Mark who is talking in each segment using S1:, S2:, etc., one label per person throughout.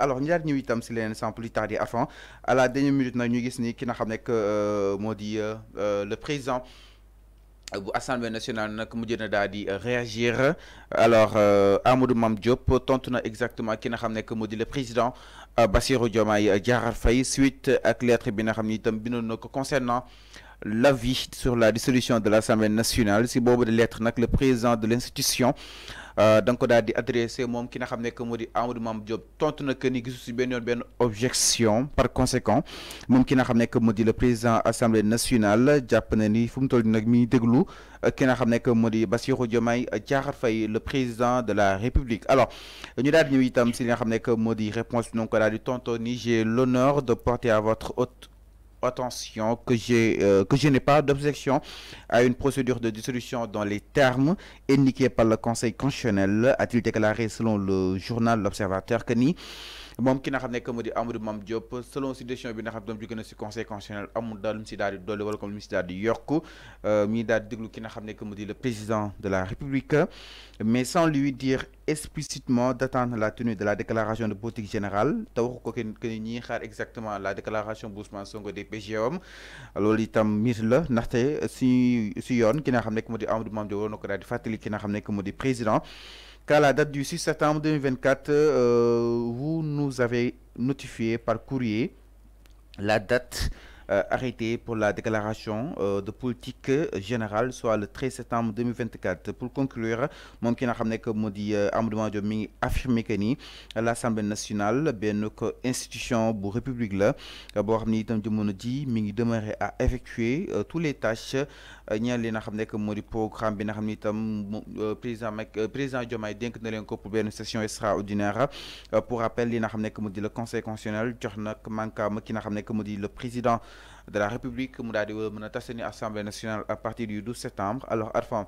S1: alors ñaar ñu itam ci plus avant à la dernière minute ñu gis ni ki euh, euh, euh, le président assemblée nationale nak réagir alors Amadou Mam Diop tontu exactement ki na le président Bassirou Diomaye suite ak lettre bi concernant l'avis sur la dissolution de l'Assemblée nationale si boobu de lettre nag le président de l'institution euh, da nga ko daal di adressé moom ki nga xam ne que moo di Amadou Mame Diop tontu na que ni gisu si benn yoon benn objection par conséquent moom ki n'a xam ne que modi, le président assemblée nationale jàpp na ni fu mu toll nag mi ngi déglu euh, ki nga xam ne que moo Bassirou Diomaye Diakhar Faye le président de la République alors ñu daal di ñëw itam si li nga xam ne que moo di réponse bi ko daal di tonto j'ai l'honneur de porter à votre haute attention que, euh, que je n'ai pas d'objection à une procédure de dissolution dans les termes indiqués par le Conseil constitutionnel, a-t-il déclaré selon le journal L'Observateur Kenny mom ki nga xam ne que Amadou mam Diop selon si décision bi nga xam doom jóge na ci conseil constitutionnel amou dal lu mu si di wala comme lu mu si daal di yokk euh, mi dal di ki nga xam que le président de la République mais sans lui dire explicitement d'attendre la tenue de la déclaration de politique générale taw ko que ni xaar exactement la déclaration bu songo des PGOM loolu itam mbir la ndaxte si si yoon ki nga xam ne que mu Amadou mam Diop wono ko daal di ki nga xam que président la date du 6 septembre 2024, euh, vous nous avez notifié par courrier la date euh, arrêtée pour la déclaration euh, de politique générale, soit le 13 septembre 2024. Pour conclure, mon ki nga que que l'Assemblée nationale bien que l'institution république la République, à effectuer toutes les tâches ñeel li nga xam nekk moo di programme bi nga xam ni itam euh, président Mac euh, président Diomaye dénk na leen ko pour benn session extraordinaire euh, pour rappel li nga xam nekk mu di le conseil constitutionnel jox nag mankaam ki nga xam nekk mu di le président de la république mu daal di war assemblée nationale à partir du 12 septembre alors Arfan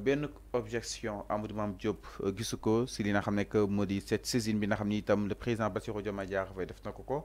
S1: benn objection Amadou Mame Diop gisu ko si li nga xam que di cette saisine bi nga xam ni le président Bassirou Diomaye Diar fay def na ko ko.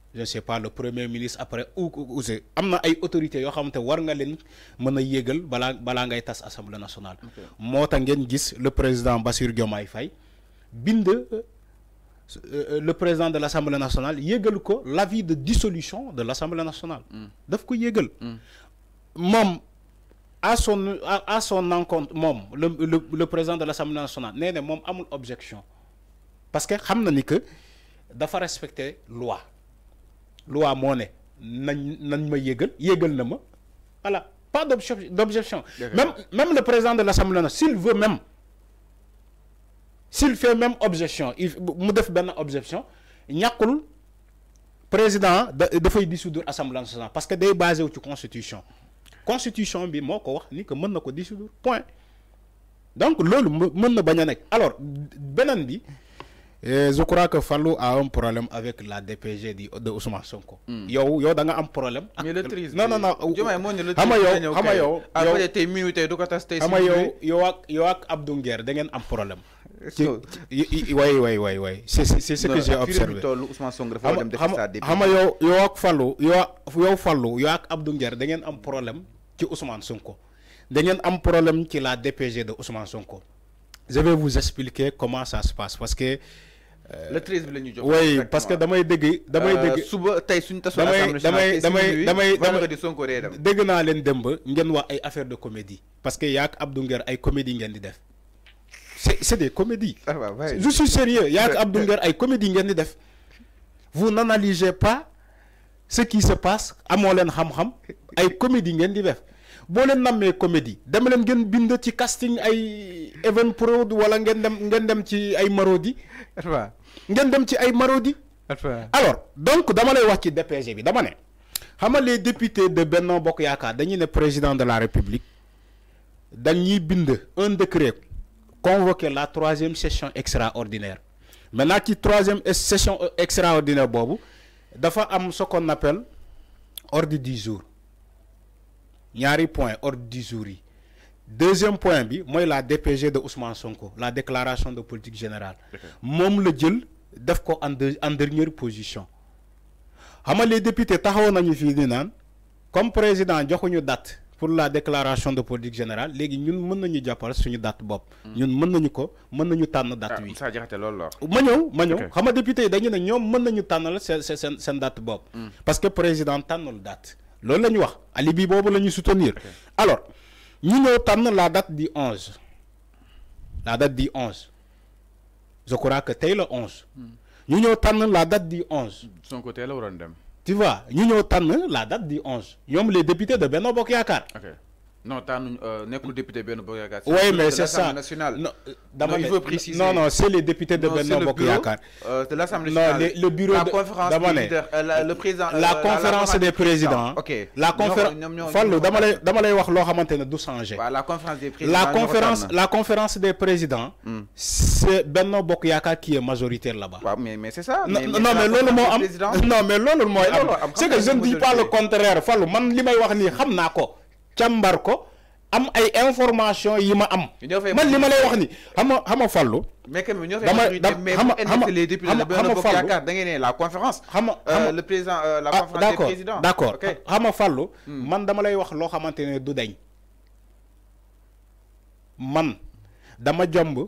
S2: je ne sais pas le premier ministre après où ouse êtes. na ay autorités qui xamante war nga leen mën a yégal balaa ngay tas assemblée nationale moo tax ngeen le président Bassir Diomaye Fay, euh, euh, le président de l'assemblée nationale yégal ko l'avis de dissolution de l'assemblée nationale Il hmm. ko yégal hmm. à son à son encontre mom, le le président de l'assemblée nationale il ne moom amul objection parce que a na ni que respecter loi loi à ne nañ nañ ma na ma voilà pas d'objection même même le président de l'Assemblée s'il veut même s'il fait même objection il mu def ben objection ñàkkul président da fay dissoudre l'Assemblée nationale parce que day basé sur ci constitution constitution bi moko wax ni que dissoudre point donc lolu mën na baña nek alors benen bi et eh, je crois que Fallou a un problème avec la DPG de Ousmane Sonko. Yo, hmm. yo, yow da nga am problème. Militarisme. Non non non. Jomay mo ñu le. Xama yow xama yow. Après tey minute du ko tas tey. Xama yo, yo, ak Abdou Nguer da am problème. Oui oui oui oui. C'est c'est ce que j'ai observé. Ousmane Sonko il faut que sa DPG. Xama yo, yow ak Fallou yo, Fallou yo, ak Abdou Nguer da problème ci Ousmane Sonko. Da un am problème ci la DPG de Ousmane Sonko. Je vais vous expliquer comment ça se passe parce que
S1: euh, le 13 bi la ñuy jox. oui parce que damay
S2: dégg. damay euh, dégg suba tay suñu tasoon. damay damay damay damay damay Sonko dee dem. dégg naa leen dem ba ngeen wa ay affaire de comédie. parce que yaak Abdou Nguer ay comédie ngeen di def c'est des comédies. Ah bah je suis sérieux yaak Abdou Nguer ay comédie ngeen di def vous n'analysez pas ce qui se passe amoo leen xam-xam ay comédie ngeen di def. boo leen nammee comédie dem leen ngeen bind ci casting ay event pro wala ngeen dem ngeen dem ci ay Marodi. Ah bah dem ci ay alors donc dama lay wax ci DPG bi dama ne xam les députés de Benno ne président de la République dañuy bind un décret convoquer la troisième session extraordinaire maintenant ci troisième session extraordinaire bobu dafa am ce qu'on appelle ordre du jour ñaari point ordre du jour deuxième point bi moy la DPG de Ousmane Sonko la déclaration de politique générale mom le djel def ko en dernière position xama les députés comme nañu fi ni une comme président joxuñu date pour la déclaration de politique générale légui ñun mën nañu sur suñu date bop hmm. ñun mën nañu ko mën nañu tann ah, date wi. ma ñëw ma ñëw Oui, oui. député députés, dañu ne peuvent mën nañu tànnal seen seen date bop hmm. parce que président une date. lool la wax alibi boobu la soutenir alors ñu ñëw tànn la date du 11 la date du 11 je crois que tey la 11. ñu ñëw tànn la date du 11. son côté la waroon dem. tu vois ñu ñëw tànn la date du 11 ñoom les députés de Benno Bokk Yaakaar.
S1: Non, tu n'est le député Beno Bokyakar. Oui, mais c'est ça. Non, euh, non, il veut préciser. Non, non, c'est les
S2: députés de Benno Bokyakar.
S1: Euh, l'Assemblée nationale. Non, le, bureau euh, la conférence des présidents. la, conférence des présidents. Ok. La conférence.
S2: Fallo, damalay wax lo xamantene changer. La conférence des présidents. La conférence, la conférence des présidents. Hmm. C'est Beno Bokyakar qui est majoritaire là-bas. mais mais c'est ça. Non, mais lolu mo am. Non, mais lolu mo C'est que je ne dis pas le contraire. Fallo, man limay wax ni le ko ko am ay information yima am. man li wax ni xama xama fallu
S1: mais que fay mais je ne depuis
S2: la conférence. Euh, président euh, la ah, conférence des présidents d'accord hmm. man dama lay wax lo du man dama jomb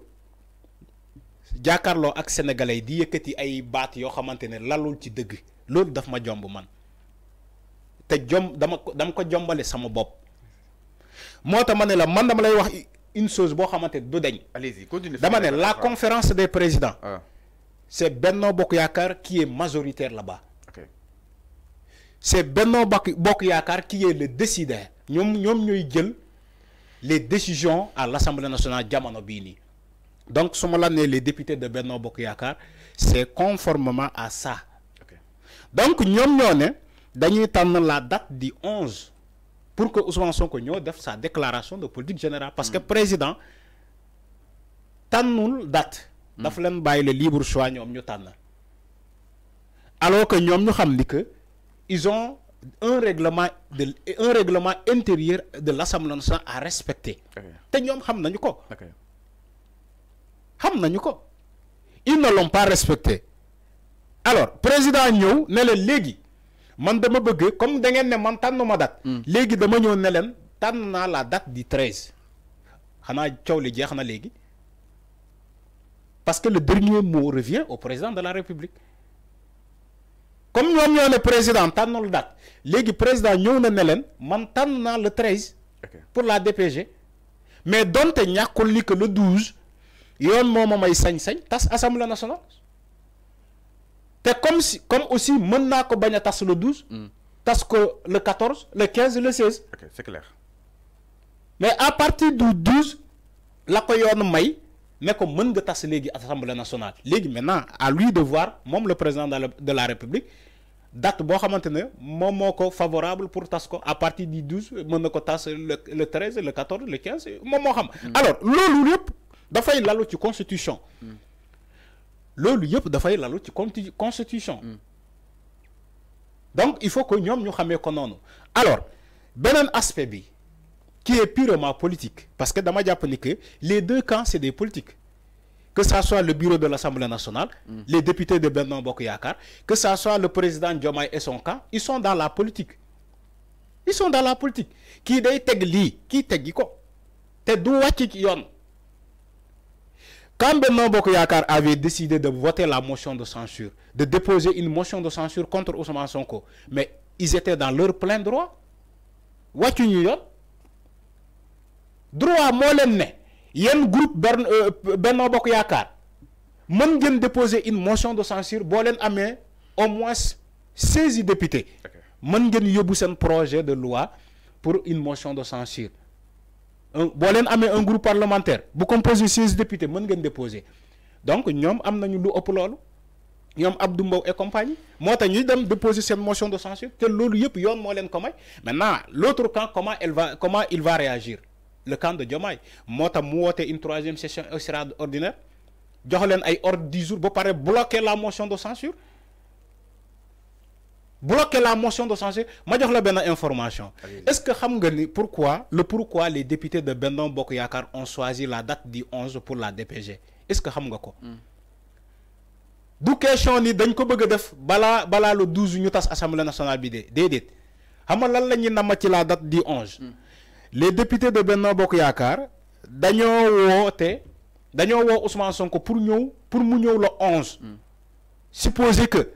S2: ak sénégalais di yëkëti ay baat yo xamantene lalul ci dëgg daf ma jomb man te jom dama dama moi tu la man une chose boo xamante du allez-y continue la conférence des présidents. Ah. c'est Benno Bokk qui est majoritaire là-bas. c'est Benno Bokk qui est le décideur Nous avons ñooy les décisions à l'Assemblée nationale jamono bii donc ce moment là les députés de Benno Bokk c'est conformément à ça. donc nyom ñoo dañuy la date du 11 pour que Ousmane Sonko ñëw def sa déclaration de politique générale parce que mm. président tanul date daf mm. leen bàyyi le libre choix ñoom ñu tànn alors que ñoom ñu xam que ils ont un règlement de un règlement intérieur de l'Assemblée nationale à respecter te ñoom xam nañu ko xam nañu ko ils ne l'ont pas respecté alors président ñëw ne le léegi man dama comme da ne man tànnuma date. Hmm. léegi dama ñëw ne la date du 13 xanaa coow li jeex parce que le dernier mot revient au président de la république comme ñoom président tànnul date léegi président ñëw na ne le 13 pour la DPG. mais donte ñàkkul ni que le 12 yoon moo sañ-sañ tas assemblée nationale. C'est comme si comme aussi le 12. parce que le 14 le 15 et le 16. c'est clair. mais à partir du 12 la ko yoon mais comme ko à nationale maintenant à lui de voir même le président de la la république date favorable pour tas à partir du 12 le le 13 le 14 le 15 alors, hmm. alors loolu lépp dafay constitution. Hmm yep da fay lalu ci constitution mm. donc il faut que nous ñu xamé ko noonu alors un aspect bi qui est purement politique parce que dama japp ni les deux camps c'est des politiques que ça soit le bureau de l'Assemblée nationale mm. les députés de Benno Bokk que ça soit le président Diomaye et son camp ils sont dans la politique ils sont dans la politique qui day qui li kii teggi ko du wacc ci quand Benno Yakar avait décidé de voter la motion de censure, de déposer une motion de censure contre Ousmane Sonko, mais ils étaient dans leur plein droit. Watu Nyon, droit molenne, il y a un groupe euh, Benno Yakar. même bien déposer une motion de censure, Bolen Amé, au moins 16 députés. Okay. Même un projet de loi pour une motion de censure boo un groupe parlementaire bu composez 6 députés vous ngeen déposer donc nous avons nañu lu ëpp sommes ñoom Abdou et compagnie Moi, tax déposé dem déposer motion de censure que l'autre yëpp yoon maintenant l'autre camp comment elle va comment il va réagir le camp de Diomaye Moi, tax mu une troisième session extraordinaire jox a ay ordre de 10 ba pour bloquer la motion de censure bloquer la motion de censure ma vous la une information ah est-ce que vous savez pourquoi le pourquoi les députés de Benno bokoyakar ont choisi la date du 11 pour la DPG est-ce que vous savez ko hmm. du question ni dañ ko bëgg def bala bala le 12 ñu tas assemblée nationale bi dédét déedéet xam nga lan la ci la date du 11 hmm. les députés de Benno Bokyakar ont dañoo woote dañoo Ousmane Sonko pour ñëw pour mu le 11 hmm. supposé que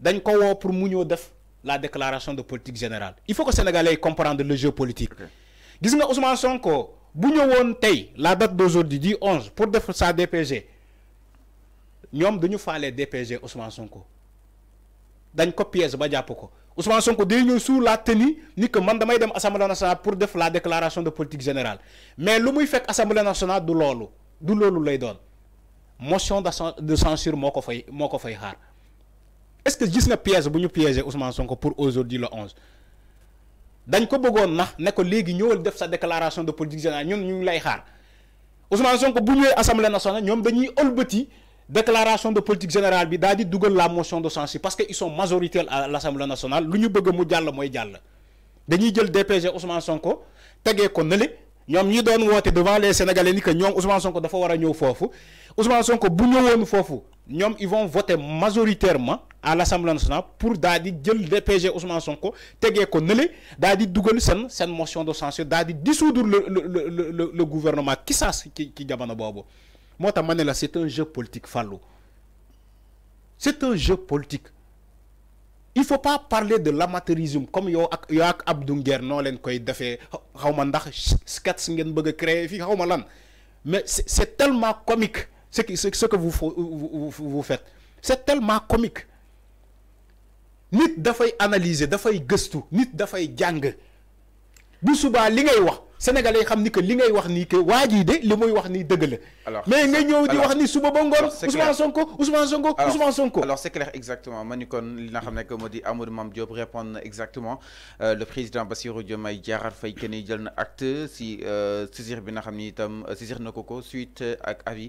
S2: dañ ko woo pour mu ñëw def la déclaration de politique générale il faut que sénégalais comprendre le géopolitique politique. gis nga Ousmane Sonko bu ñëwoon tey la date d'aujourd'hui di 11 pour def sa DPG ñoom nous ñu DPG Ousmane Sonko dañ ko piège ba jàpp ko Ousmane Sonko day ñëw sur la tenue ni que man damay dem assemblée nationale pour def la déclaration de politique générale mais lu muy fekk assemblée nationale du loolu du loolu lay doon motion de censure moo ko fay moo ko fay xaar est-ce que gis nga piège bu piéger, Ousmane Sonko pour aujourd'hui le 11 dañ ko bëggoon na ne ko légui ñëwul def sa déclaration de politique générale ñun ñu lay xaar Ousmane Sonko bu avons assemblée nationale ñom dañuy ëlbati déclaration de politique générale bi daal di la motion de censure parce qu'ils sont majoritaires à l'assemblée nationale lu ñu bëgg mu jall moy jall dañuy jël DPG Ousmane Sonko tegee ko nous ñom ñi doon woote devant les sénégalais ni que ñom Ousmane Sonko dafa wara ñëw fofu Ousmane Sonko bu ñëwone fofu ils vont voter majoritairement à l'Assemblée nationale pour dadi di DPG Ousmane Sonko tégué ko nële dadi di sen s'en motion de censure dadi dissoudre le le le le gouvernement Qui saas qui qui jamono boobu moo tax c'est un jeu politique Fallou c'est un jeu politique il faut pas parler de l'amateurisme comme yo ak yo ak Abdou Nguer no len koy défé xawma ndax sketch ngeen bëgg créer lan mais c'est tellement comique ce que, ce que vous, vous, vous, faites. C'est tellement comique. nit dafay analyser dafay gestu, nit dafay gang bu subaa li ngay wax sénégalais xamni que li ngay wax ni que wadi de li muy wax ni dëgg mais nga ñëw di wax ni suba bongo Ousmane Sonko Ousmane Sonko Ousmane Sonko. alors c'est clair
S1: exactement Manikon, ni kon li dit amour ne Diop répondre exactement euh, le président Bassirou Diomaye Diakhar Faye kenn jël na acte si euh, saisir bi nga xam ni euh, na suite ak avis.